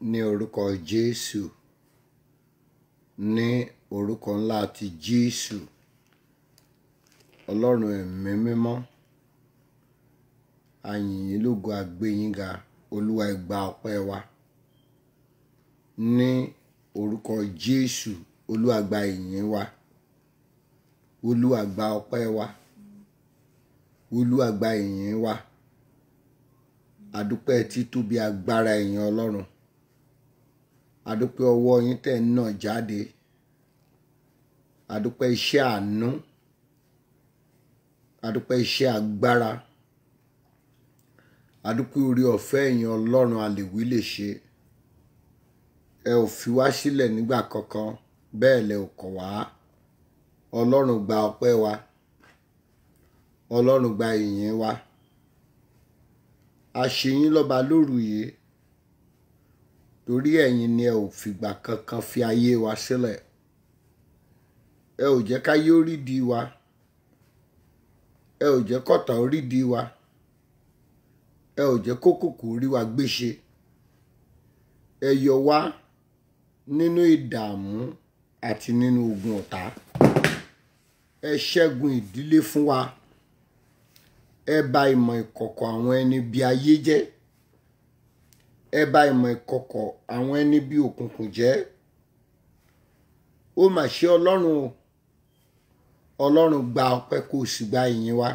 ní orúkọ Jésù ní orúkọ ńlá ti Jésù Ọlọ́run ẹ̀mí mímọ́ àyìnyín lógo àgbéyìnga Olúwa ìgbà ọpẹ́ wa ní orúkọ Jésù Olúwa ìyìn wa Olúwa gba ọpẹ́ wa Olúwa ìyìn wa àdúpẹ́ títóbi agbára ìyìn Ọlọ́run àdúpẹ́ ọwọ́ yín tẹ̀ ń nà jáde àdúpẹ́ iṣẹ́ àánú àdúpẹ́ iṣẹ́ agbára àdúpẹ́ orí ọ̀fẹ́ èèyàn ọlọ́run àlèwí lè ṣe ẹ ò fi wá sílẹ̀ nígbà kankan bẹ́ẹ̀ lẹ ò kọ̀ wá ọlọ́run gba ọpẹ́ wa ọlọ́run gba ìyìn wa àṣeyín lọ́ba lóru yìí torí ẹ̀yin ni ẹ ò fìgbà kankan fi ayé wa sílẹ̀ ẹ ò jẹ́ káyé ó rídìí wa ẹ ò jẹ́ kọ̀tà ó rídìí wa ẹ ò jẹ́ kókòkò rí wa gbéṣe ẹ yọ wá nínú ìdààmú àti nínú ogun ọ̀tá ẹ ṣẹ́gun ìdílé fún wa ẹ bà ìmọ̀ ìkọ̀kọ̀ àwọn ẹni bí ayé jẹ́ ẹ bà ìmọ̀ ìkọ̀kọ̀ àwọn ẹni bí òkùnkùn jẹ́ ó mà ṣe ọlọ́run o ọlọ́run gba ọpẹ́ kó o sì gba ìyìn wa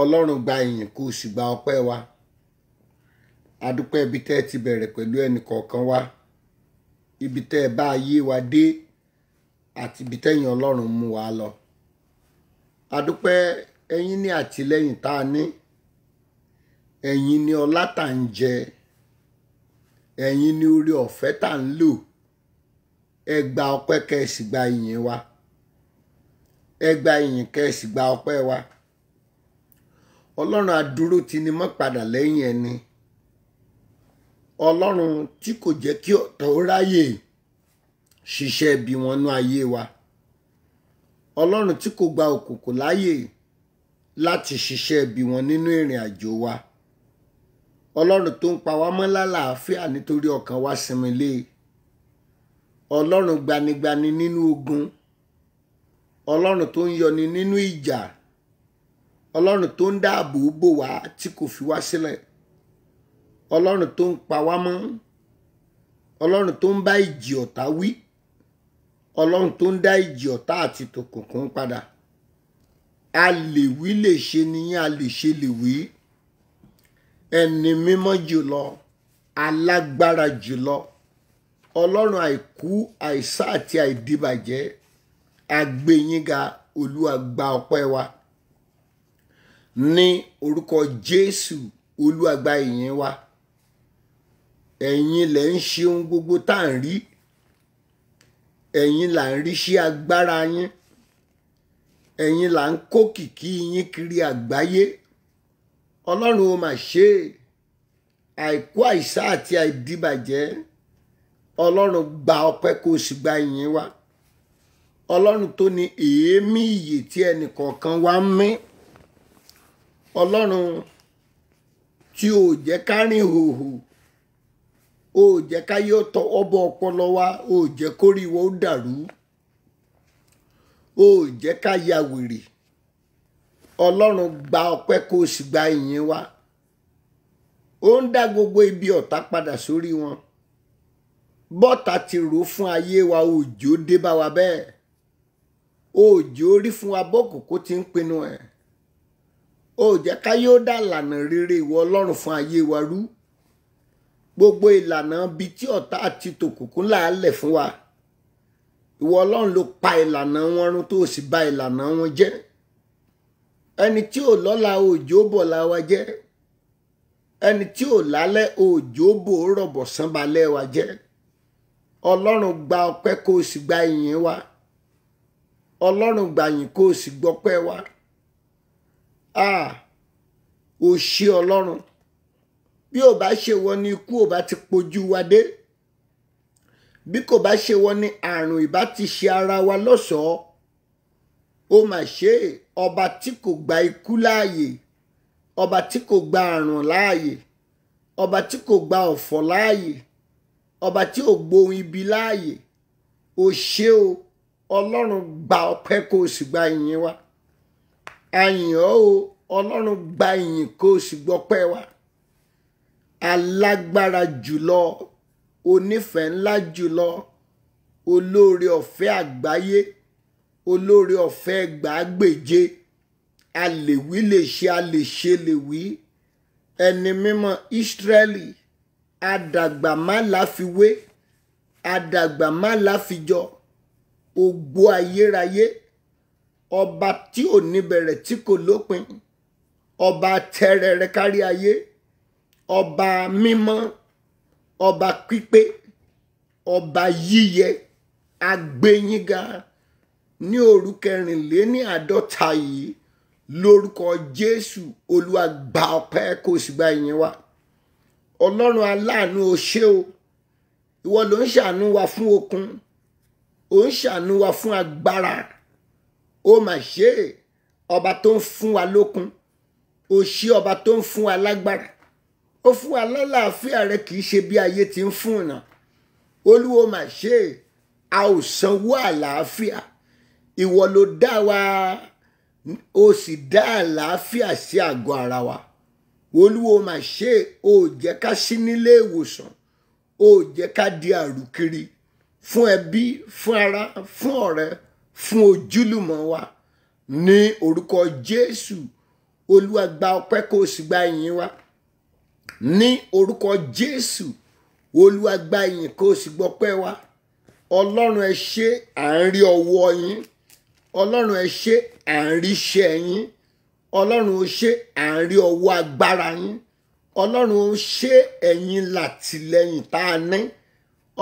ọlọ́run gba ìyìn kó o sì gba ọpẹ́ wa adúpẹ́ ibi tẹ́ ẹ ti bẹ̀rẹ̀ pẹ̀lú ẹnì kọ̀ọ̀kan wa ibi tẹ́ ẹ bá ayé wa dé àti ibi tẹ́yìn ọlọ́run mú wa lọ adúpẹ́ ẹ̀yin ní àtìlẹ́yìn tá a ní. Ni ẹ̀yin ni ọlá tà ń jẹ ẹ̀yin ni orí ọ̀fẹ́ tà ń lò ẹ gba ọpẹ́ kẹ́sì gba ìyìn wa ẹ ìyìn kẹ́sì gba ọpẹ́ wa ọlọ́run adúró ti ni mọ́ padà lẹ́yìn ẹni ọlọ́run tí kò jẹ́ kí ọ̀tọ̀ ó ráyè ṣiṣẹ́ bí wọn nú ayé wa ọlọ́run tí kò gba òkùnkùn láyè láti ṣiṣẹ́ bí wọn nínú ìrìn àjò wa ọlọ́run tó ń pa wá mọ́ lálàáfíà nítorí ọkàn wa sinmi lé e. ọlọ́run gbanigbani nínú ogun ọlọ́run tó ń yọni nínú ìjà ọlọ́run tó ń dáàbò bò wá tí kò fi wá sílẹ̀ ọlọ́run tó ń pa wá mọ́ ọlọ́run tó ń bá ìjì ọ̀tá wí ọlọ́run tó ń dá ìjì ọ̀tá àti tòkùnkùn padà a lè wí lè ṣe nìyẹn a lè ṣe lè wí ẹni mímọ́ jùlọ alágbára jùlọ ọlọ́run àìkú àìsá àti àìdìbàjẹ́ agbẹ́yìnga olúwa gba ọpẹ́ wa ní orúkọ jésù olúwa ìyìn wa ẹ̀yin lẹ̀ ń ṣe ohun gbogbo tá à ń rí ẹ̀yin là ń rí sí agbára yín ẹ̀yin là ń kó kìkì yín kiri àgbáyé ọlọ́run ó mà ṣe àìkú àìsá àti àìdíbàjẹ́ ọlọ́run gba ọpẹ́ kó o sì gba ìyìn wa ọlọ́run tó ní èémí ìyè tí ẹnìkọ̀ọ̀kan wa ń mí ọlọ́run tí ò jẹ́ ká rìn hòhò ò jẹ́ ká yọ tọwọ́ bọ ọpọlọ wa ò jẹ́ kórìíwọ́ ó dàrú ò jẹ́ ká ya wèrè ọlọ́run gba ọpẹ́ kó o sì gba ìyìn wa ó ń dá gbogbo ibi ọ̀tá padà sórí wọn bọ́tà ti rò fún ayé wa òjò dé bá wa bẹ́ẹ̀ òjò rí fún wa bọ́kòkó ti ń pinnu ẹ̀ ó jẹ́ ká yóò dá ìlànà rere ìwọ ọlọ́run fún ayé wa rú gbogbo ìlànà bí tí ọ̀tá àti tòkùnkùn làálẹ̀ fún wa ìwọ ọlọ́run ló pa ìlànà wọn run tó o sì bà ìlànà wọn jẹ́ ẹni tí ò lọ́la òjò bọ̀ la wa jẹ́ ẹni tí ò lálẹ́ òjò bò rọ̀bọ̀ sánbalẹ̀ wa jẹ́ ọlọ́run gba ọpẹ́ kó o sì gba ìyìn wa ọlọ́run gbàyìn kó o sì gbọ́pẹ́ wa a ò ṣe ọlọ́run bí ò bá ṣe wọ ni ikú ò bá ti pojú wa dé bí kò bá ṣe wọ ni àrùn ìbá ti ṣe ara wa lọ́sọ̀ọ́ ó mà ṣe ọba tí kò gba ikú láàyè ọba tí kò gba àrùn láàyè ọba tí kò gba ọ̀fọ̀ láàyè ọba tí ò gbohun ibi láàyè ò ṣe o ọlọ́run gba ọpẹ́ kó o sì gba ìyìn wa àyìn ọ́ o ọlọ́run gba ìyìn kó o sì gbọ́pẹ́ wa alágbára jùlọ onífẹ̀ẹ́ ńlá jùlọ olóore ọ̀fẹ́ àgbáyé olóore ọ̀fẹ́ gbàgbèje alèwí lè ṣe alèṣe lèwí ẹni mímọ́ Ísírẹ́lì àdàgbà má láfiwé àdàgbà má láfijọ ògbó ayérayé ọba tí ò ní bẹ̀rẹ̀ tí kò lópin ọba tẹrẹrẹ kárí ayé ọba mímọ́ ọba pípé ọba yíyẹ agbẹ́yìnga ní òru kẹrìnléníàádọ́ta yìí lórúkọ jésù olúwa gba ọpẹ́ kó sì gba ìyìn wa ọlọ́run aláàánú o ṣé o ìwọ ló ń ṣàánú wa fún okun ó ń ṣàánú wa fún agbára ó mà ṣe ọba tó ń fún wa lókun o ṣé ọba tó ń fún wa lágbára ó fún wa lálàáfíà rẹ kì í ṣe bí ayé ti ń fún ọ̀nà olúwo mà ṣe a ò sanwó àlàáfíà ìwọ ló dá wa o sì dá àlàáfíà sí àgọ́ ara wa olúwo mà ṣe o jẹ́ ká sí nílé ìwòsàn o jẹ́ ká di àrùkiri fún ẹbí fún ara fún ọ̀rẹ́ fún ojúlùmọ̀ wa ní orúkọ jésù olúwa gba ọpẹ́ kó o sì gba ìyìn wa ní orúkọ jésù olúwa gba ìyìn kó o sì gbọpẹ́ wa ọlọ́run ẹ ṣé à ń rí ọwọ́ yín ọlọ́run ẹ ṣé à ń rí iṣẹ́ yín ọlọ́run ó ṣé à ń rí ọwọ́ agbára yín ọlọ́run ó ṣé ẹ̀yin làtìlẹ́yìn tá a ní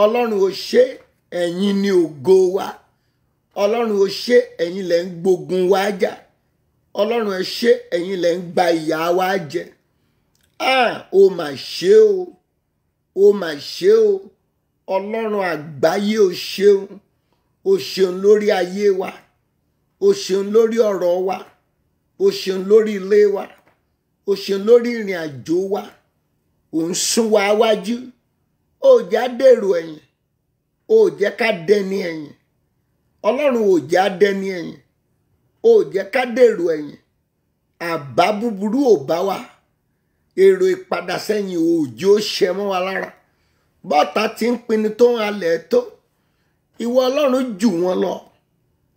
ọlọ́run ó ṣé ẹ̀yin ni ògo wa ọlọ́run ó ṣé ẹ̀yin lẹ́ ń gbógun wa jà ọlọ́run ẹ ṣé ẹ̀yin lẹ́ ń gba ìyà wa jẹ ah ó mà ṣe o ó mà ṣe o ọlọ́run àgbáyé o ṣeun o ṣeun lórí ayé wa o ṣeun lórí ọ̀rọ̀ wa o ṣeun lórí ilé wa o ṣeun lórí ìrìn àjò wa ò ń sún wa wájú ò já dèrò ẹ̀yìn ò jẹ́ ká dẹni ẹ̀yìn ọlọ́run ò já dẹni ẹ̀yìn ò jẹ́ ká dèrò ẹ̀yìn àbá búburú ò bá wa èrò ìpadà sẹ́yìn òjò ṣẹ mọ́ wa lára bọ́tà ti ń pinnu tó ń halẹ̀ tó ìwọ ọlọ́run jù wọ́n lọ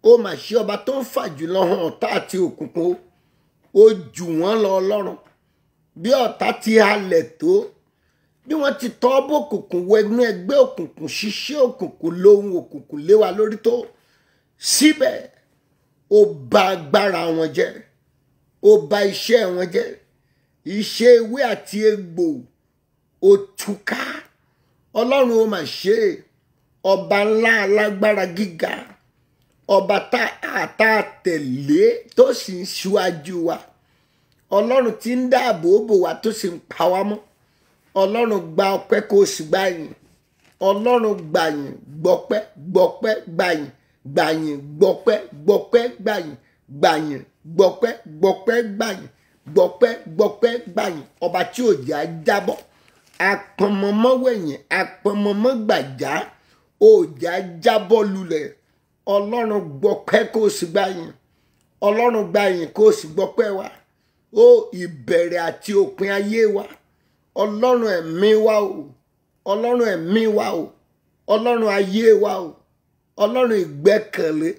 ó mà ṣe ọba tó ń fà jùlọ hàn ọ̀tá àti òkùnkùn ó jù wọ́n lọ ọlọ́run bí ọ̀tá ti halẹ̀ tó bí wọ́n ti tọ́ bó òkùnkùn wẹnú ẹgbẹ́ òkùnkùn ṣiṣẹ́ òkùnkùn lóhun òkùnkùn lé wa lórí tó síbẹ̀ ó bà agbára wọn jẹ́ ó bà iṣẹ́ wọn jẹ́ iṣẹ́ ewé àti egbò ó túká ọlọ́run ó mà ṣe ọba ńlá alágbára gíga ọba tá a tẹ̀lé tó sì ń ṣíwájú wa ọlọ́run tí ń dáàbò bò wá tó sì ń pa wá mọ́ ọlọ́run gba ọpẹ́ kó o sì gba yìn ọlọ́run gbàyìn gbọpẹ́ gbọpẹ́ gbàyìn gbàyìn gbọpẹ́ gbọpẹ́ gbàyìn gbàyìn gbọpẹ́ gbọpẹ́ gbàyìn gbọpẹ́ gbọpẹ́ gbàyìn ọba tí ò já jábọ́ apọnmọmọ wẹ̀yìn apọnmọmọ gbàjá ò já jábọ́ lulẹ̀ ọlọ́run gbọ́pẹ́ kó o sì gba yìn ọlọ́run gba yìn kó o sì gbọ́pẹ́ wa ó ìbẹ̀rẹ̀ àti òpin ayé wa ọlọ́run ẹ̀mí wa o ọlọ́run ẹ̀mí wa o ọlọ́run ayé wa o ọlọ́run ìgbẹ́kẹ̀lé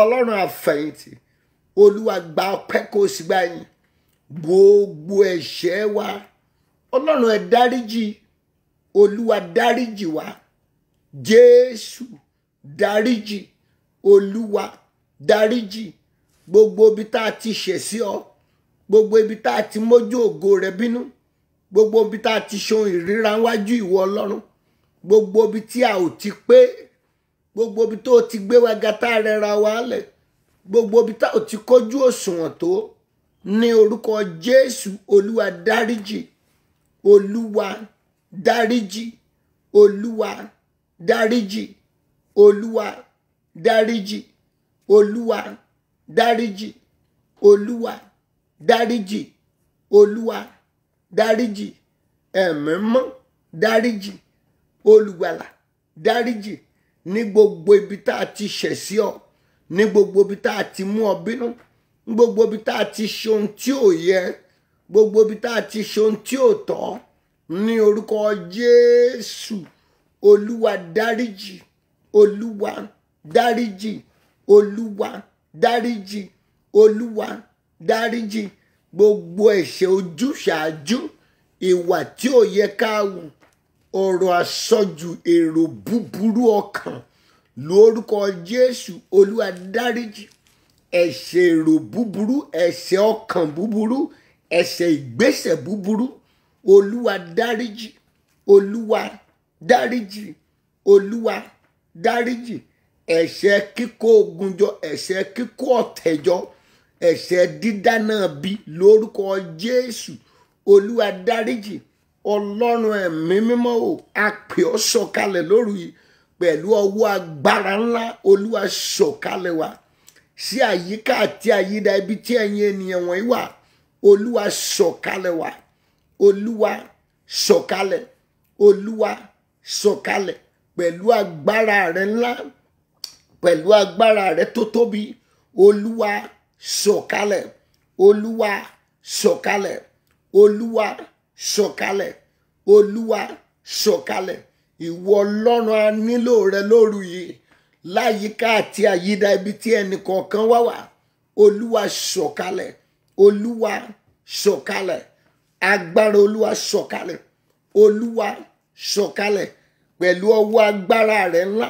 ọlọ́run àfẹ̀yìntì olúwa gba ọpẹ́ kó o sì gba yìn gbogbo ẹ̀ṣẹ̀ wa ọlọ́run ẹ̀ dáríjì olúwa dáríjì wa jésù dáríjì olúwa dáríjì gbogbo ibi tá a ti ṣẹ̀ sí ọ gbogbo ibi tá a ti mójú ògo rẹ bínú gbogbo ibi tá a ti ṣohun ìríra wájú ìwọ ọlọ́run gbogbo ibi tí a ò ti pé gbogbo ibi tó o ti gbé wa ga tá a rẹra wa lẹ̀ gbogbo ibi tá a ò ti kójú òṣùwọ̀n tó ní orúkọ jésù olúwa dáríjì olúwa dáríjì olúwa dáríjì olúwa dáríjì olúwa dáríjì olúwa dáríjì olúwa dáríjì ẹ̀mí mọ́ dáríjì olùgbàlà dáríjì ní gbogbo ibi tá a ti ṣẹ̀ sí ọ ní gbogbo ibi tá a ti mú ọ bínú ní gbogbo ibi tá a ti ṣe ohun tí ò yẹ gbogbo ibi tá a ti ṣe ohun tí ò tọ́ ní orúkọ jésù olúwa dáríjì olúwa dáríjì olúwa dáríjì olúwa dáríjì gbogbo ẹ̀ṣẹ̀ ojúṣàájú ìwà tí ò yẹ ká wù ọ̀rọ̀ àsọjù èrò búburú ọkàn lórúkọ jésù olúwa dáríjì ẹ̀ṣẹ̀ èrò búburú ẹ̀ṣẹ̀ ọkàn búburú ẹ̀ṣẹ̀ ìgbésẹ̀ búburú olúwa dáríjì olúwa dáríjì olúwa dáríjì ẹ̀ṣẹ̀ kíkó ogun jọ ẹ̀ṣẹ̀ kíkó ọ̀tẹ̀ jọ ẹ̀ṣẹ̀ dídá náà bí lórúkọ Jésù Olúwa dáríjì Ọlọ́run ẹ̀mí mímọ́ o a pè ọ́ sọ̀kalẹ̀ lóru yìí pẹ̀lú ọwọ́ agbára ńlá Olúwa sọ̀kalẹ̀ wa sí àyíká àti àyídà ibi tí ẹ̀yin ènìyàn wọ̀nyí wà Olúwa sọ̀kalẹ̀ wa Olúwa sọ̀kalẹ̀ Olúwa sọ̀kalẹ̀ pẹ̀lú agbára rẹ ńlá pẹ̀lú agbára rẹ tó tóbi olúwa sọ̀kalẹ̀ olúwa sọ̀kalẹ̀ olúwa sọ̀kalẹ̀ olúwa sọ̀kalẹ̀ ìwọ ọlọ́run a nílò rẹ lóru yìí láyìíká àti àyídà ibi tí ẹnì kọ̀ọ̀kan wá wà olúwa sọ̀kalẹ̀ olúwa sọ̀kalẹ̀ agbára olúwa sọ̀kalẹ̀ olúwa sọ̀kalẹ̀ pẹ̀lú ọwọ́ agbára rẹ ńlá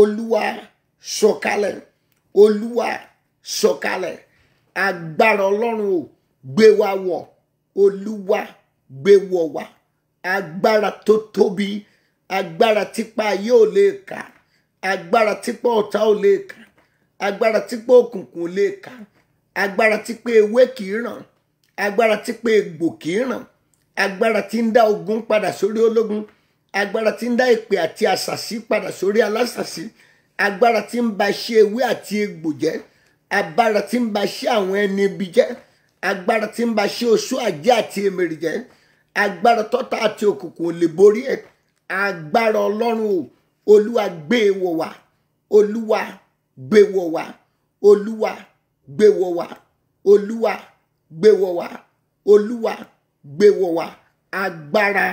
olúwa sọ̀kalẹ̀ sọ̀kalẹ̀ olúwa sọ̀kalẹ̀ agbára ọlọ́run ò gbé wa wọ̀ olúwa gbé wọ̀ wá agbára tó tóbi agbára tipa ayé ò lè kà agbára tipa ọ̀tá ò lè kà agbára tipa òkùnkùn ò lè kà agbára tipa ewé kì í ràn agbára tipa egbò kì í ràn agbára tí ń dá ogun padà sórí ológun agbára tí ń dá èpè àti àṣàsí padà sórí alásàsí agbára tí ń ba ṣe ewé àti egbò jẹ́ agbára tí ń ba ṣe àwọn ẹni ibi jẹ́ agbára tí ń ba ṣe oṣó àjẹ́ àti èmèrè jẹ́ agbára tọ́ta àti òkùnkùn ò lè borí ẹ̀ agbára ọlọ́run o olúwa gbé e wá olúwa gbé e wá olúwa gbé e wá olúwa gbé e wá olúwa gbé e wá agbára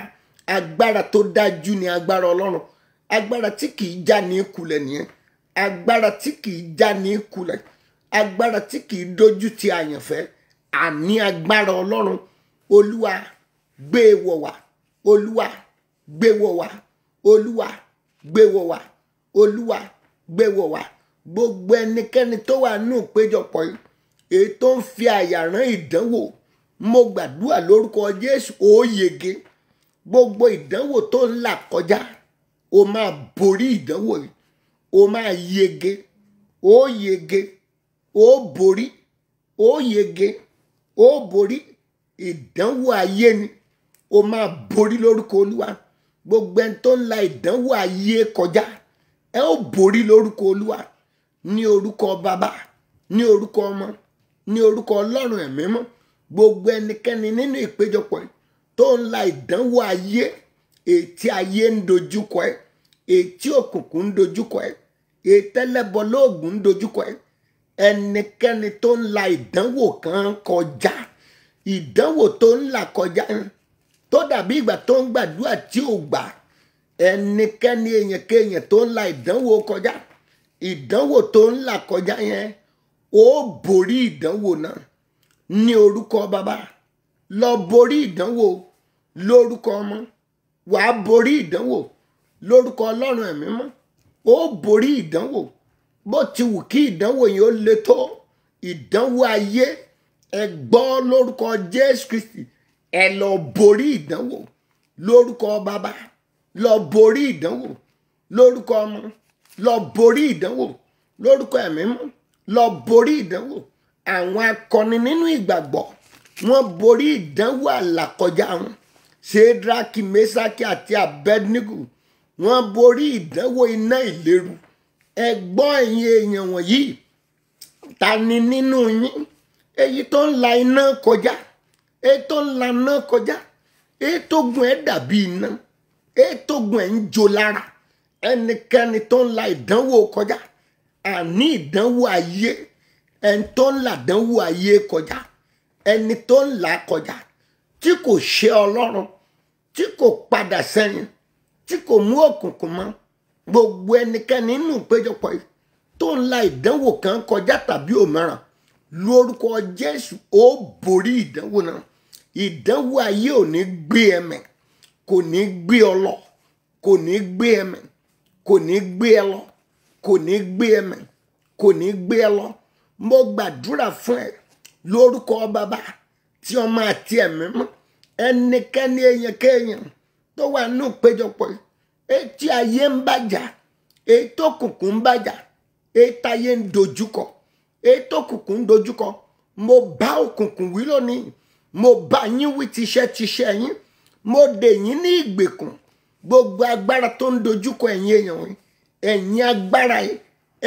agbára tó dájú ni agbára ọlọ́run agbára tí kìí já ní kulẹ̀ nìyẹn agbára tí kìí já ní kulẹ̀ agbára tí kìí dojú ti àyànfẹ́ àní agbára ọlọ́run olúwa gbé e wọ̀ wá olúwa gbé e wọ̀ wá olúwa gbé e wọ̀ wá olúwa gbé wọ̀ wá gbogbo ẹnikẹ́ni tó wà nù péjọpọ̀ yìí èyí tó ń fi àyàrán ìdánwò mo gbàdúrà lórúkọ jésù ó yege gbogbo ìdánwò tó ń là kọjá o máa borí ìdánwò yìí o máa yege o yege o borí o yege o borí ìdánwò ayé ni o máa borí lórúkọ olúwa gbogbo ẹni tó ń la ìdánwò ayé kọjá ẹ ó borí lórúkọ olúwa ní orúkọ bàbá ní orúkọ ọmọ ní orúkọ ọlọ́run ẹ̀mí mọ́ gbogbo ẹnikẹ́ni nínú ìpéjọpọ̀ tó ń la ìdánwò ayé ètí ayé ń dojúkọ ẹ ètí òkùnkùn ń dojúkọ ẹ ètẹlẹbọ ń dojúkọ ẹ ẹnikẹ́ni tó ń la ìdánwò kan kọjá ìdánwò tó ń là kọjá tó dàbí ìgbà tó ń gbàdúrà tí ò gbà ẹnikẹ́ni èèyàn kéèyàn tó ń la ìdánwò kọjá ìdánwò tó ń là kọjá yẹn ó borí ìdánwò náà ní orúkọ bàbá lọ borí ìdánwò lórúkọ ọmọ wàá borí ìdánwò lórúkọ ọlọ́run ẹ̀mí mọ́ ó borí ìdánwò bó ti wù kí ìdánwò yìí ó le tó ìdánwò ayé ẹ gbọ́ lórúkọ jésù kristi ẹ lọ borí ìdánwò lórúkọ bàbá lọ borí ìdánwò lórúkọ ọmọ lọ borí ìdánwò lórúkọ ẹ̀mí mọ́ lọ borí ìdánwò àwọn akọni nínú ìgbàgbọ́ wọ́n borí ìdánwò àlàkọjá wọn ṣéédraki mesaki àti abednego wọ́n borí ìdánwò iná ìléru ẹ gbọ́ ẹ̀yin èèyàn wọ̀nyí ta ni nínú yín èyí tó ń la iná kọjá èyí tó ń la iná kọjá èyí tó gùn ẹ dàbí iná èyí tó gùn ẹ ń jó lára ẹnikẹ́ni tó ń la ìdánwò kọjá àní ìdánwò ayé ẹni tó ń la ìdánwò ayé kọjá ẹni tó ń la kọjá tí kò ṣe ọlọ́run tí kò padà sẹ́yìn tí kò mú òkùnkùn mọ́ gbogbo ẹnikẹ́ni nínú ìpéjọpọ̀ yìí tó ń la ìdánwò kan kọjá tàbí òmíràn lórúkọ Jésù ó borí ìdánwò náà ìdánwò ayé ò ní gbé ẹmẹ kò ní gbé ọ lọ kò ní gbé ẹmẹ kò ní gbé ẹ lọ kò ní gbé ẹmẹ kò ní gbé ẹ lọ mo gbàdúrà fún ẹ lórúkọ bàbá tí ọmọ àti ẹ̀mí mọ́ ẹnikẹ́ni èèyàn kéèyàn tó wà nínú ìpéjọpọ̀ yìí etí ayé ń bàjá ètò òkùnkùn ń bàjá ètò ayé ń dojúkọ ètò òkùnkùn ń dojúkọ mo bá òkùnkùn wí lónìí mo bá yín wí tiṣẹ́ tiṣẹ́ yín mo dè yín ní ìgbèkùn gbogbo agbára tó ń dojúkọ ẹ̀yin èèyàn yìí ẹ̀yin agbára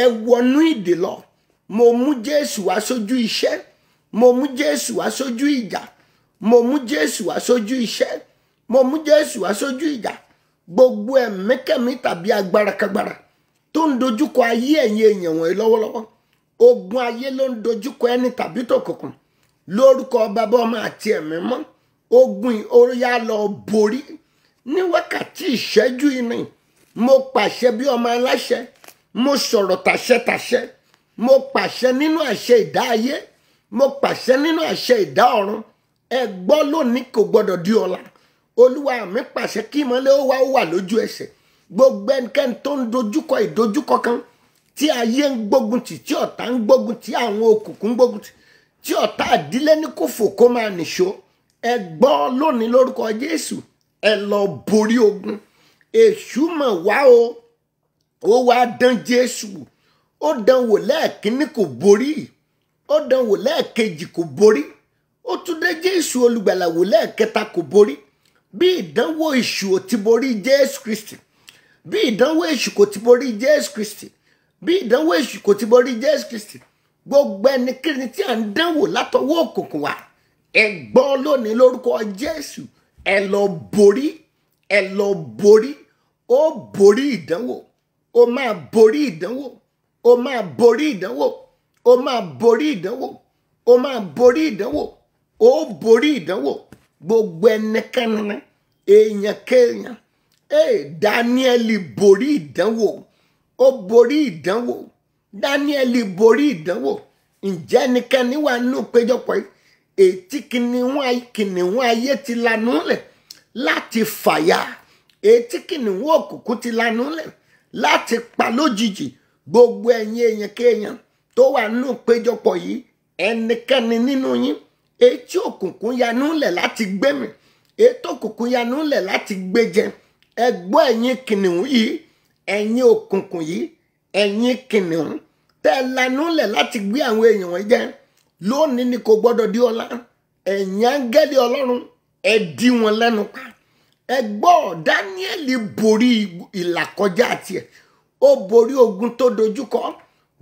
ẹ wọnú ìdè lọ mo mú Jésù wá sójú iṣẹ́ mo mú jésù wá sójú ìjà mo mú jésù wá sójú iṣẹ́ mo mú jésù wá sójú ìjà gbogbo ẹ̀míkẹ́mí tàbí agbára kagbára tó ń dojúkọ ayé ẹ̀yin èèyàn wọ̀nyí lọ́wọ́lọ́wọ́ ogun ayé ló ń dojúkọ ẹni tàbí tòkùnkùn lórúkọ bàbá ọmọ àti ẹ̀mí mọ́ ogun oríyá lọ borí ní wákàtí ìṣẹ́jú ìní mo pàṣẹ bí ọmọ aláṣẹ mo sọ̀rọ̀ tàṣẹ tàṣẹ mo pàṣẹ nínú àṣẹ ìdá ayé mo pàṣẹ nínú àṣẹ ìdá ọ̀run ẹ gbọ́ lónìí kò gbọ́dọ̀ di ọ̀la olúwa mi pàṣẹ kí ìmọ́lẹ̀ ó wá ó wà lójú ẹsẹ̀ gbogbo ẹnikẹ́ni tó ń dojúkọ ìdojúkọ kan tí ayé ń gbógun tì tí ọ̀tá ń gbógun tì àwọn òkùnkùn ń gbógun tì tí ọ̀tá àdílé ní kò fò kó máa nìṣó ẹ lónìí lórúkọ jésù ẹ lọ borí ogun èṣù mọ̀ wá o ó wá dán jésù ó dán wò lẹ́ẹ̀kínní kò borí yìí ó dán wò lẹ́ẹ̀kejì kò borí ó tún dé jésù olùgbàlà wò lẹ́ẹ̀kẹta kò borí bí ìdánwò èṣù ò ti borí jésù kristi bí ìdánwò èṣù kò ti borí jésù kristi bí ìdánwò èṣù kò ti borí jésù kristi gbogbo ẹnikẹ́ni tí à ń dánwò látọwọ́ òkùnkùn wa ẹ gbọ́ lónìí lórúkọ jésù ẹ lọ borí ẹ lọ borí ó borí ìdánwò ó máa borí ìdánwò ó máa borí ìdánwò o máa borí ìdánwò o máa borí ìdánwò o borí ìdánwò gbogbo ẹnikẹ́ni èèyàn kéèyàn ee Dáníẹ́lì borí ìdánwò o borí ìdánwò Dáníẹ́lì borí ìdánwò ǹjẹ́ ẹnikẹ́ni wà nínú péjọpọ̀ yìí ètí kìnìún kìnìún ayé ti lanú lẹ̀ láti fàyà ètí kìnìún òkùnkùn ti lanú lẹ̀ láti pa lójijì gbogbo ẹ̀yin èèyàn kéèyàn tó wà nínú péjọpọ̀ yìí ẹnikẹ́ni nínú yín etí òkùnkùn yanú lẹ̀ láti gbẹ̀mí etí òkùnkùn yanú lẹ̀ láti gbẹ̀jẹ̀ ẹ gbọ́ ẹ̀yin kìnìún yìí ẹ̀yin òkùnkùn yìí ẹ̀yin kìnìún tẹ́ ẹ lanú lẹ̀ láti gbé àwọn èèyàn wọn jẹ lónìí ni kò gbọ́dọ̀ di ọ̀la ẹ̀yin áńgẹ́lì ọlọ́run ẹ dí wọn lẹ́nu pa ẹ gbọ́ borí ìlàkọjá tiẹ̀ ó borí ogun tó dojúkọ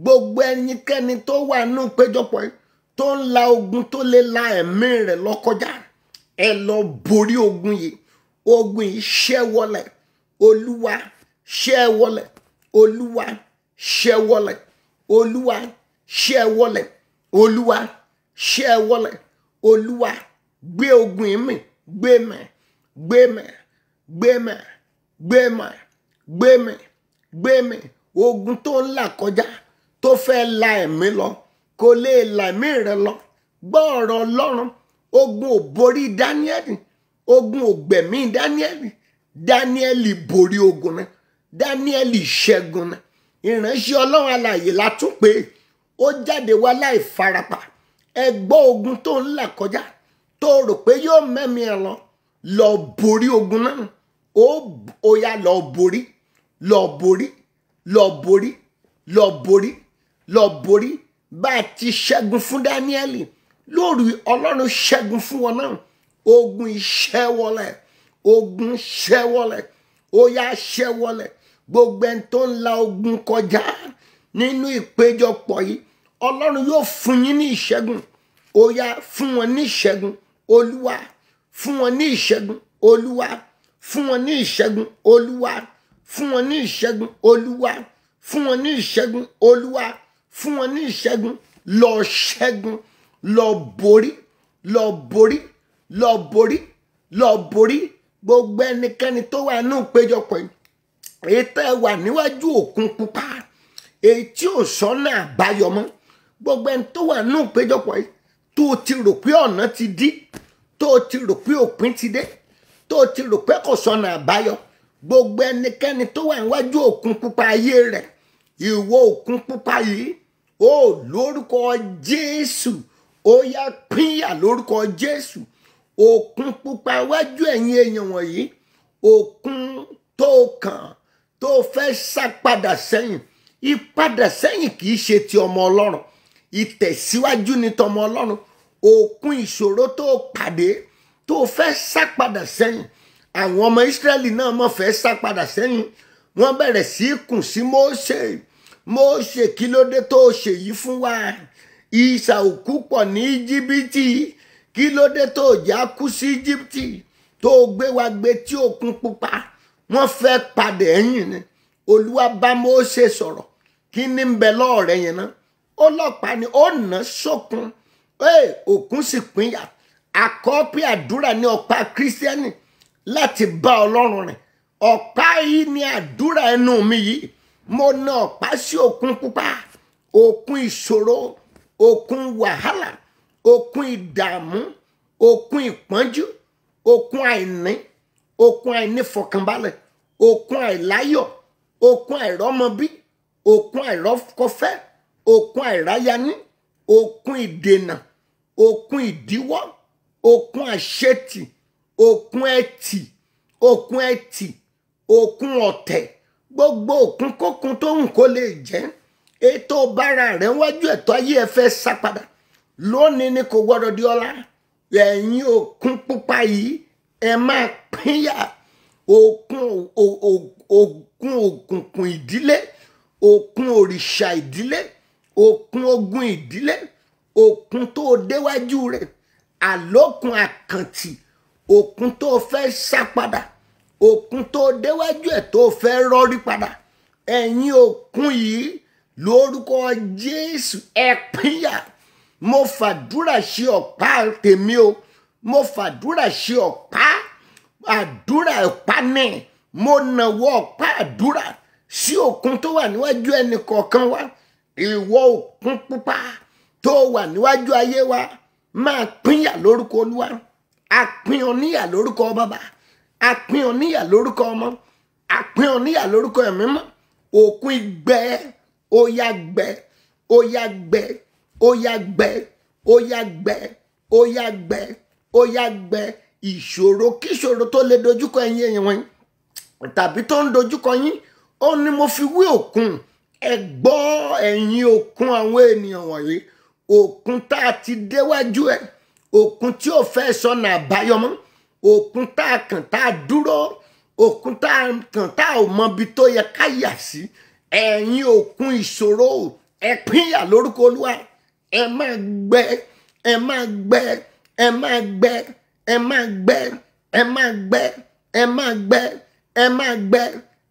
gbogbo ẹnikẹ́ni tó wà nínú péjọpọ̀ yìí tó ń la ogun tó lè la ẹ̀mí rẹ̀ lọ kọjá ẹ lọ borí ogun yìí ogun yìí ṣẹ́ wọlẹ̀ olúwa ṣẹ́ wọlẹ̀ olúwa ṣẹ́ wọlẹ̀ olúwa ṣẹ́ wọlẹ̀ olúwa ṣẹ́ wọlẹ̀ olúwa gbé ogun yìí mì gbé mẹ́ gbé mẹ́ gbé mẹ́ gbé mẹ́ gbé mẹ́ gbé mẹ́ ogun tó ń là kọjá. tó fẹ́ la ẹ̀mí lọ kò lè la ẹ̀mí rẹ lọ gbọ́ ọrọ ọlọ́run ogun ò borí dáníẹ́lì ogun ò gbẹ̀mí dáníẹ́lì dáníẹ́lì borí ogun náà dáníẹ́lì ṣẹ́gun náà ìránṣẹ́ ọlọ́run alààyè la tún pé ó jáde wá láì farapa ẹgbọ́ ogun tó ń là kọjá tó rò pé yóò mẹ́mí ẹ lọ lọ borí ogun náà ó ya lọ borí lọ borí lọ borí lọ borí. lọ borí bá a ti ṣẹ́gun fún Dáníẹ́lì lórí ọlọ́run ṣẹ́gun fún wọn náà ogun ìṣẹ́wọlẹ̀ ogun ṣẹ́wọlẹ̀ ó yá ṣẹ́wọlẹ̀ gbogbo ẹni tó ń la ogun kọjá nínú ìpéjọpọ̀ yìí ọlọ́run yóò fún yín ní ìṣẹ́gun ó yá fún wọn ní ìṣẹ́gun olúwa fún wọn ní ìṣẹ́gun olúwa fún wọn ní ìṣẹ́gun olúwa fún wọn ní ìṣẹ́gun olúwa fún wọn ní ìṣẹ́gun olúwa fún wọn ní ìṣẹ́gun lọ ṣẹ́gun lọ borí lọ borí lọ borí lọ borí gbogbo ẹnikẹ́ni tó wà nínú ìpéjọpọ̀ yìí èyí tẹ́ ẹ wà níwájú òkun pupa èyí tí ò sọ́nà àbáyọ mọ́ gbogbo ẹni tó wà nínú ìpéjọpọ̀ yìí tó o ti rò pé ọ̀nà ti dí tó o ti rò pé òpin ti dé tó o ti rò pé kò sọ́nà àbáyọ gbogbo ẹnikẹ́ni tó wà níwájú òkun pupa ayé rẹ̀ ìwọ òkun pupa yìí ó lórúkọ jésù ó yá pínyà lórúkọ jésù òkun pupa iwájú ẹ̀yin èèyàn wọ̀nyí òkun tó kàn tó fẹ́ sá padà sẹ́yìn ìpadà sẹ́yìn kì í ṣe ti ọmọ ọlọ́run ìtẹ̀síwájú ni tọmọ ọlọ́run òkun ìṣòro tó pàdé tó fẹ́ sá padà sẹ́yìn àwọn ọmọ ìsírẹ́lì náà mọ̀ fẹ́ sá padà sẹ́yìn wọ́n bẹ̀rẹ̀ sí í kùn sí Mósè Mósè kí ló dé tó ṣe yìí fún wa ìsà òkú pọ̀ ní íjíbítì kí ló dé tó já kú sí íjíbítì tó gbé wa gbé tí òkun pupa wọ́n fẹ́ padà ẹ̀yìn ni olúwa bá Mósè sọ̀rọ̀ kí ní ń bẹ lọ́ọ̀rẹ́ yẹn náà ọlọ́pàá ni ó nà sókun òkun sì pínyà àkọ́pì àdúrà ní ọ̀pá kírísítẹ́nì láti bá ọlọ́run rìn ọ̀pá yìí ni àdúrà ẹnu mi yìí mo na ọ̀pá sí òkun pupa òkun ìṣòro òkun wàhálà òkun ìdààmú òkun ìpọ́njú òkun àìní òkun àìnífọ̀kànbalẹ̀ òkun àìláyọ̀ òkun àìrọ́mọbí òkun àìrọ́kọfẹ́ òkun àìráyání òkun ìdènà òkun ìdíwọ́ òkun àṣetì òkun ẹtì òkun ẹtì òkun ọ̀tẹ̀ gbogbo òkúnkókun tó ń kó lè jẹ́ ètò bára rẹ̀ wájú ẹ̀tọ́ ayé ẹ fẹ́ sá padà lónìí ni kò gbọ́dọ̀ di ọ̀la ẹ̀yin òkun pupa yìí ẹ máa pínyà òkun òkun òkùnkùn ìdílé òkun òrìṣà ìdílé òkun ogun ìdílé òkun tó déwájú rẹ̀ àlòkun àkàntì òkun tó fẹ́ sá padà òkun tó déwájú ẹ̀ tó fẹ́ rọ́rí padà ẹ̀yin òkun yìí lórúkọ jésù ẹ pínyà mo fàdúrà ṣe ọ̀pá tèmi o mo fàdúrà ṣe ọ̀pá àdúrà ọ̀pá náà mo nàwọ́ ọ̀pá àdúrà sí òkun tó wà níwájú ẹnì kọ̀ọ̀kan wa ìwọ òkun pupa tó wà níwájú ayé wa máa pínyà lórúkọ olúwa a pín ọ níyà lórúkọ bàbá apín oníyà lórúkọ ọmọ apín oníyà lórúkọ ẹ̀mí mọ́ òkun ìgbẹ óyá gbẹ óyá gbẹ óyá gbẹ óyá gbẹ óyá gbẹ óyá gbẹ ìṣòro kíṣòro tó lè dojúkọ ẹ̀yin ẹ̀yin wọn tàbí tó ń dojúkọ yín ó ní mo fi wí òkun ẹ gbọ́ ẹ̀yin òkun àwọn ènìyàn wọ̀nyí òkun tá a ti déwájú ẹ òkun tí ò fẹ́ sọnà àbáyọmọ́ òkun tá a kàn tá a dúró òkun tá a kàn tá a ò mọbi tó yẹ ká yà sí ẹ̀yin òkun ìṣòro ẹ pínyà lórúkọ olúwa ẹ máa gbẹ ẹ máa gbẹ ẹ máa gbẹ ẹ máa gbẹ ẹ máa gbẹ ẹ máa gbẹ ẹ máa gbẹ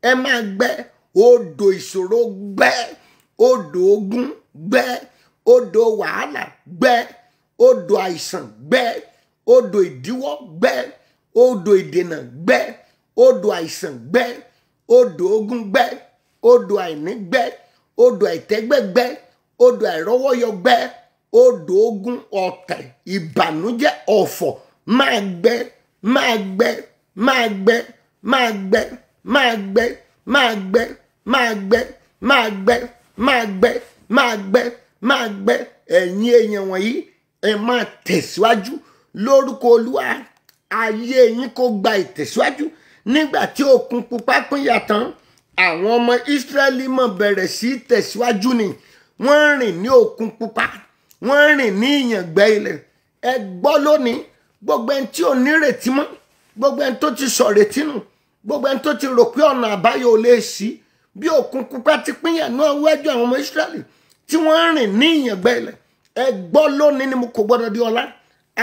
ẹ máa gbẹ odò ìṣòro gbẹ odò ogun gbẹ odò wàhálà gbẹ odò àìsàn gbẹ odò ìdíwọ́ gbẹ odò ìdènà gbẹ́ odò àìsàn gbẹ́ odò ogun gbẹ́ odò àìní gbẹ́ odò àìtẹ́gbẹ́ gbẹ́ odò àìrọ́wọ́yọ gbẹ́ odò ogun ọ̀tẹ̀ ìbànújẹ́ ọ̀fọ̀ máa gbẹ́ máa gbẹ́ máa gbẹ́ máa gbẹ́ máa gbẹ́ máa gbẹ́ máa gbẹ́ máa gbẹ́ máa gbẹ́ máa gbẹ́ máa gbẹ́ ẹ̀yin èèyàn wọ̀nyí ẹ máa tẹ̀síwájú lórúkọ olúwa ayé yín kó gba ìtẹ̀síwájú nígbà tí òkun pupa pínyà tán àwọn ọmọ Ísírẹ́lì mọ̀ bẹ̀rẹ̀ sí tẹ̀síwájú ni wọ́n rìn ní òkun pupa wọ́n rìn ní ìyàngbẹ́ ilẹ̀ ẹ gbọ́ lónìí gbogbo ẹni tí ò nírètí mọ́ gbogbo ẹni tó ti sọ̀rètí nù gbogbo ẹni tó ti rò pé ọ̀nà àbáyọ ò lè ṣí bí òkun pupa ti pínyà náà wájú àwọn ọmọ Ísírẹ́lì tí wọ́n rìn ní ìyàngbẹ́ ilẹ̀ ẹ gbọ́ lónìí ni mo kò gbọ́dọ̀ di ọ̀la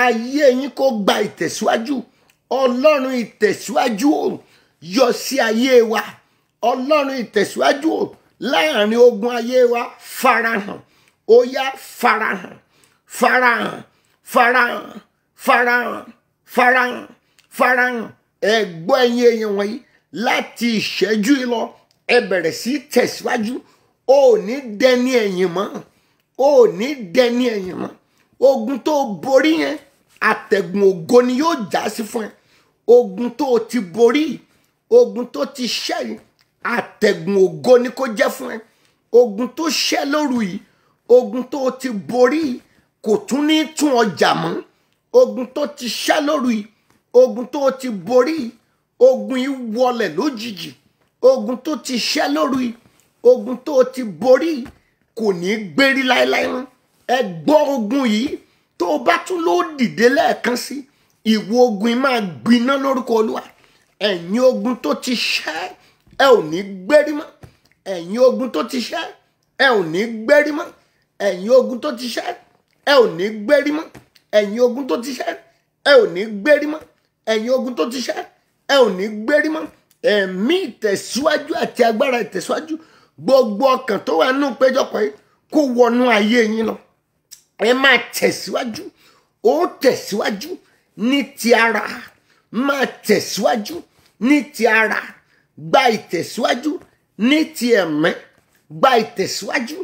ayé yín kó gba ìtẹ̀síwájú ọlọ́run ìtẹ̀síwájú o yọ sí ayé wa ọlọ́run ìtẹ̀síwájú o láàrin ogun ayé wa farahàn ó yá farahàn farahàn farahàn farahàn farahàn farahàn ẹ̀gbọ́n ẹ̀yin èèyàn wọ̀nyí láti ìṣẹ́jú lọ ẹ bẹ̀rẹ̀ sí tẹ̀síwájú o ò ní dẹni ẹ̀yìn mọ́ o ò ní dẹni ẹ̀yìn mọ́ ogun tó borí yẹn àtẹ̀gùn ògo ni yóò já sí fún ẹ ogun tó o ti borí ogun tó ti ṣẹ́ yìí àtẹ̀gùn ògo ni kó jẹ́ fún ẹ ogun tó ṣẹ́ lóru yìí ogun tó o ti borí kò tún ní tún ọjà mọ́ ogun tó ti ṣẹ́ lóru yìí ogun tó o ti borí ogun yìí wọlẹ̀ lójijì ogun tó ti ṣẹ́ lóru yìí ogun tó o ti borí kò ní gbérí láéláé mọ́ ẹ gbọ́ ogun yìí tó o bá tún ló dìde lẹ́ẹ̀kan sí ìwo ogun máa gbiná lórúkọ olúwa ẹ̀yin ogun tó ti ṣẹ́ ẹ ò ní gbérí mọ́ ẹ̀yin ogun tó ti ṣẹ́ ẹ ò ní gbérí mọ́ ẹ̀yin ogun tó ti ṣẹ́ ẹ ò ní gbérí mọ́ ẹ̀yin ogun tó ti ṣẹ́ ẹ ò ní gbérí mọ́ ẹ̀yin ogun tó ti ṣẹ́ ẹ ò ní gbérí mọ́ ẹ̀mí ìtẹ̀síwájú àti agbára ìtẹ̀síwájú gbogbo ọkàn tó wà nínú péjọpọ̀ yìí kó wọnú ayé yín lọ ẹ máa tẹ̀síwájú ó tẹ̀síwájú ní ti ara máa tẹ̀síwájú ní ti ara gba ìtẹ̀síwájú ní ti ẹ̀mẹ́ gba ìtẹ̀síwájú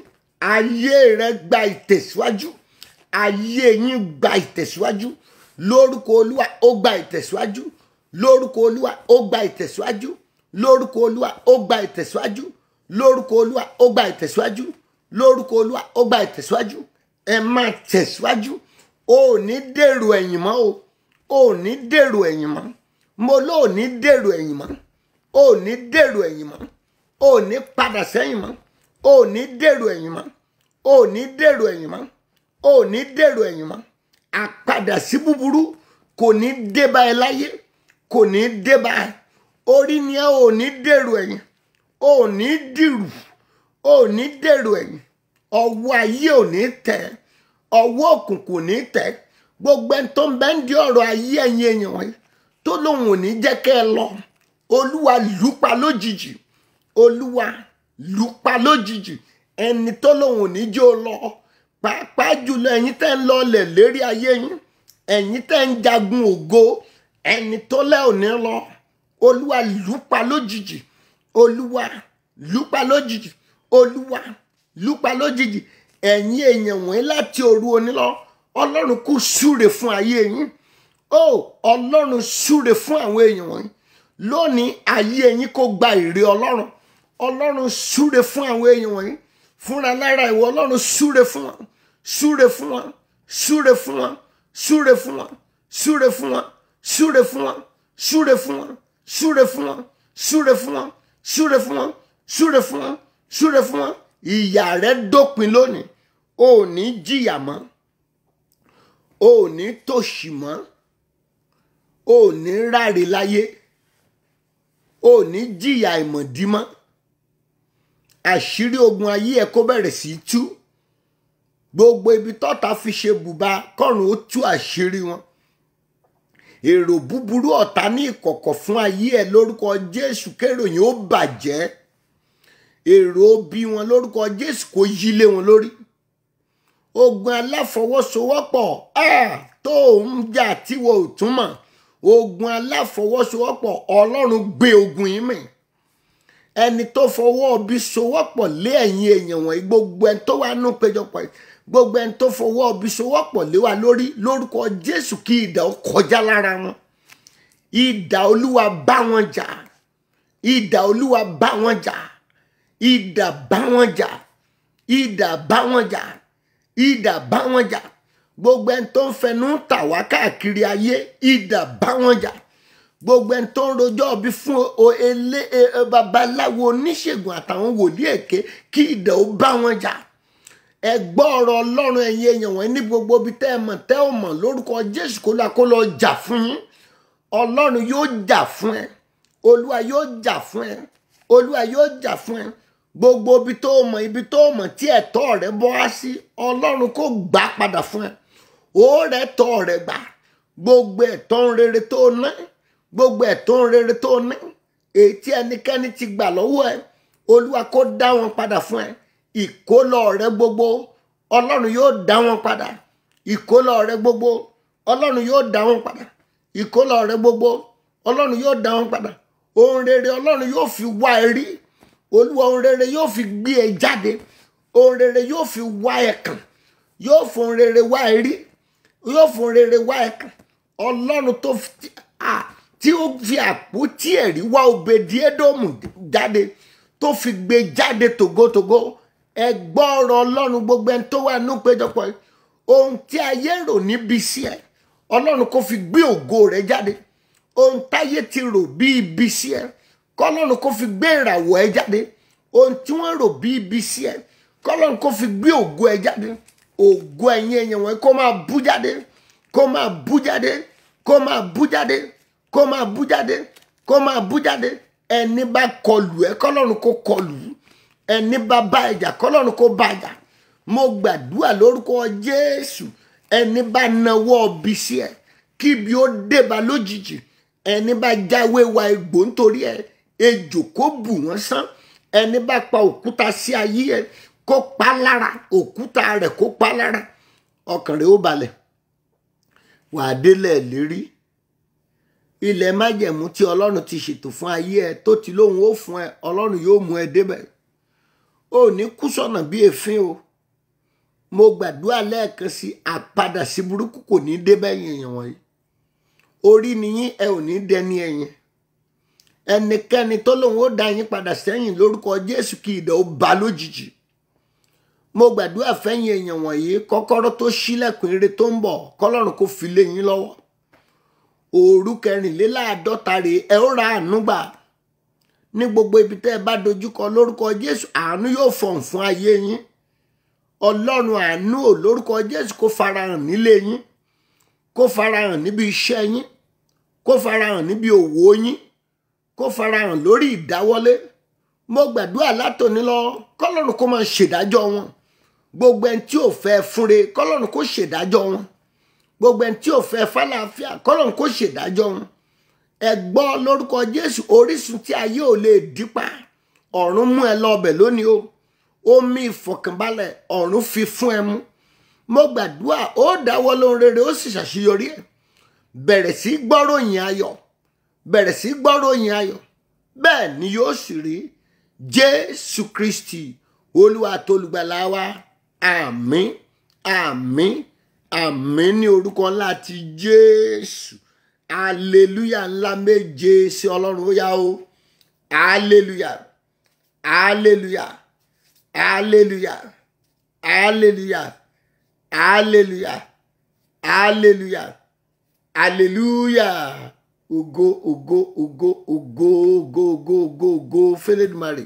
ayé rẹ gba ìtẹ̀síwájú ayé yín gba ìtẹ̀síwájú lórúkọ olúwa ó gba ìtẹ̀síwájú lórúkọ olúwa ó gba ìtẹ̀síwájú lórúkọ olúwa ó gba ìtẹ̀síwájú lórúkọ olúwa ó gba ìtẹ̀síwájú lórúkọ olúwa ó gba ìtẹ̀síwájú ẹ máa tẹ̀síwájú o ò ní dèrò ẹ̀yìn mọ́ o o ò ní dèrò ẹ̀yìn mọ́ mo ló ò ní dèrò ẹ̀yìn mọ́ o ò ní dèrò ẹ̀yìn mọ́ o ò ní padà sẹ́yìn mọ́ o ò ní dèrò ẹ̀yìn mọ́ o ò ní dèrò ẹ̀yìn mọ́ o ò ní dèrò ẹ̀yìn mọ́ àpadà sí búburú kò ní débá ẹ láyé kò ní débá ẹ orí ni ẹ ò ní dèrò ẹ̀yìn o ò ní dìrù o ò ní dèrò ẹ̀yìn ọwọ́ ayé ò ní tẹ̀ ọwọ́ òkùnkùn ní tẹ̀ gbogbo ẹni tó ń bẹ́ ń di ọ̀rọ̀ ayé ẹ̀yin èèyàn yìí tó lóun ò ní jẹ́ kẹ́ ẹ lọ olúwa lùpa lójijì olúwa lùpa lójijì ẹni tó lóun ò ní jẹ́ ó lọ pàápàá jùlọ ẹ̀yin tẹ́ ń lọlẹ̀ lérí ayé yín ẹ̀yin tẹ́ ń jagun ògo ẹni tó lẹ́ òní lọ olúwa lùpa lójijì olúwa lùpa lójijì olúwa lúpa lójijì ẹ̀yin èèyàn wọ̀nyí láti òru onílọ ọlọ́run kú súre fún ayé yín ó ọlọ́run súre fún àwọn èèyàn wọ̀nyí lónìí ayé yín kó gba ìre ọlọ́run ọlọ́run súre fún àwọn èèyàn wọ̀nyí fúnra lára ìwọ ọlọ́run súre fún wọn súre fún wọn súre fún wọn súre fún wọn súre fún wọn súre fún wọn súre fún wọn súre fún wọn súre fún wọn súre fún wọn súre fún wọn súre fún wọn ìyà rẹ dópin lónìí o ò ní jìyà mọ́ o ò ní tòṣì mọ́ o ò ní ráre láyé o ò ní jìyà ìmọ̀dí mọ́ àṣírí ogun ayé ẹ kó bẹ̀rẹ̀ sí í tú gbogbo ibi tọ́ta fi ṣe bùbá kọ́run ó tú àṣírí wọn èrò búburú ọ̀tá ní ìkọ̀kọ̀ fún ayé ẹ lórúkọ Jésù kéròyìn ó bàjẹ́ èrò bí wọn lórúkọ jésù kò yí lé wọn lórí ogun aláfọwọ́sowọ́pọ̀ tó ń jà tí wọn ò tún mọ̀ ogun aláfọwọ́sowọ́pọ̀ ọlọ́run gbé ogun yìí mì ẹni tó fọwọ́ bí sowọ́pọ̀ lé ẹ̀yìn èèyàn wọ̀nyí gbogbo ẹni tó wà nù péjọpọ̀ gbogbo ẹni tó fọwọ́ bí sowọ́pọ̀ lé wa lórí lórúkọ jésù kí idà ó kọjá lára wọn idà olúwa bá wọn jà idà olúwa bá wọn jà idà bá wọn jà idà bá wọn jà idà bá wọn jà gbogbo ẹni tó ń fẹnu tà wá káàkiri ayé idà bá wọn jà gbogbo ẹni tó ń rojọ́ ọbí fún elé e, e, babaláwo oníṣègùn àtàwọn wòlíì èké kí idà ó bá wọn jà ẹ gbọ́ ọ̀rọ̀ ọlọ́run ẹ̀yin èèyàn wọ́n ní gbogbo ibi tẹ́ ẹ mọ̀ tẹ́ ò mọ̀ lórúkọ jésù kó la kó lọ jà fún yín ọlọ́run yóò jà fún ẹ olúwa yóò jà fún ẹ olúwa yóò jà fún ẹ gbogbo ibi tó mọ̀ ibi tó mọ̀ tí ẹ̀tọ́ rẹ bọ́ á sí ọlọ́run kò gbà padà fún ẹ ó rẹ tọ́ rẹ gbà gbogbo ẹ̀tọ́ rere tó ná gbogbo ẹ̀tọ́ rere tó ná èyí tí ẹnikẹ́ni ti gbà lọ́wọ́ ẹ olúwa kó dá wọn padà fún ẹ ìkólọ rẹ gbogbo ọlọ́run yóò dá wọn padà ìkólọ rẹ gbogbo ọlọ́run yóò dá wọn padà ìkólọ rẹ gbogbo ọlọ́run yóò dá wọn padà ohun rere ọlọ́run yóò fi wá ẹ rí olúwa ohun rere yóò fi gbé ẹ jáde ohun rere yóò fi wá ẹ kàn yóò fún rere wá ẹ rí yóò fún rere wá ẹ kàn ọlọ́run tó tí ó fi àpótí ẹ̀rí wá Obedi-Edomu jáde tó fi gbé jáde tògótògó ẹ gbọ́ ọ̀rọ̀ ọlọ́run gbogbo ẹni tó wà nínú péjọpọ̀ ohun tí ayé rò níbi sí ẹ ọlọ́run kò fi gbé ògo rẹ jáde ohun táyé ti rò bí ibi sí ẹ kọ́lọ́run kó fi gbé ìràwọ̀ ẹ jáde ohun tí wọ́n rò bí ibi sí ẹ kọ́lọ́run kó fi gbé ògo ẹ jáde ògo ẹ̀yìn ẹ̀yìn wọn kó máa bú jáde kó máa bú jáde kó máa bú jáde kó máa bú jáde kó máa bú jáde ẹni bá kọlù ẹ kọ́lọ́run kó kọlù ẹni bá bá ẹjà kọ́lọ́run kó bá ẹjà mo gbàdúrà lórúkọ Jésù ẹni bá nawọ́ ọbí sí ẹ kíbi ó débà lójijì ẹni bá jáwé wa egbò nítorí ẹ ejò kó bù wọ́n sán ẹni bá pa òkúta sí ayé ẹ kó pa lára òkúta rẹ̀ kó pa lára ọkàn rẹ̀ ó balẹ̀ wàá délẹ̀ lérí ilẹ̀ tí ọlọ́run ti ṣètò fún ayé ẹ tó ti lóhun ó fún ẹ ọlọ́run yóò mú ẹ débẹ̀ ò ní kú sọ̀nà bí èéfín o mo gbàdúrà lẹ́ẹ̀kan sí àpadà sí burúkú kò ní débẹ̀ yẹn wọ̀nyí orí niyín ẹ ò ní dẹni ẹ̀yìn ẹnikẹni tó lóun ó da yín padà sẹ́yìn lórúkọ jésù kí idà ó bá lójijì mo gbàdúrà fẹ́yìn èèyàn wọ̀nyí kọkọrọ tó ṣílẹ̀kùn ire tó ń bọ̀ kọ́lọ́run kó fi lé lọ́wọ́ gbogbo ibi ẹ bá dojúkọ lórúkọ jésù àánú yóò fún ayé yín àánú ò lórúkọ jésù farahàn nílé yín farahàn kó farahàn lórí ìdáwọ́lé mo gbàdúrà látòní lọ kọ́lọ́run kó máa ṣèdájọ́ wọn gbogbo ẹni tí ò fẹ́ fúnre kọ́lọ́run kó ṣèdájọ́ wọn gbogbo ẹni tí ò fẹ́ fàlàáfíà kọ́lọ́run kó ṣèdájọ́ wọn ẹ gbọ́ lórúkọ Jésù orísun tí ayé ò lè dípa ọ̀run mú ẹ lọ́ọ̀bẹ̀ lónìí o omi ìfọ̀kànbalẹ̀ ọ̀run fi fún ẹ mú mo gbàdúrà ó dáwọ́ lóhun rere ó sì ṣàṣeyọrí ẹ bẹ̀rẹ̀ sí gbọ́ròyìn ayọ̀ bẹ̀rẹ̀ sí gbọ́ròyìn ayọ̀ bẹ́ẹ̀ ni yóò sì rí jésù kristi olúwa tolùgbàlà wa àmín àmín àmín ní orúkọ ńlá ti jésù aleluya ńlá méje sí ọlọ́run ó yá o aleluya aleluya aleluya aleluya aleluya aleluya aleluya ògo ògo ògo ògo ògo ògo ògo ògo fẹ́lẹ́dùmarè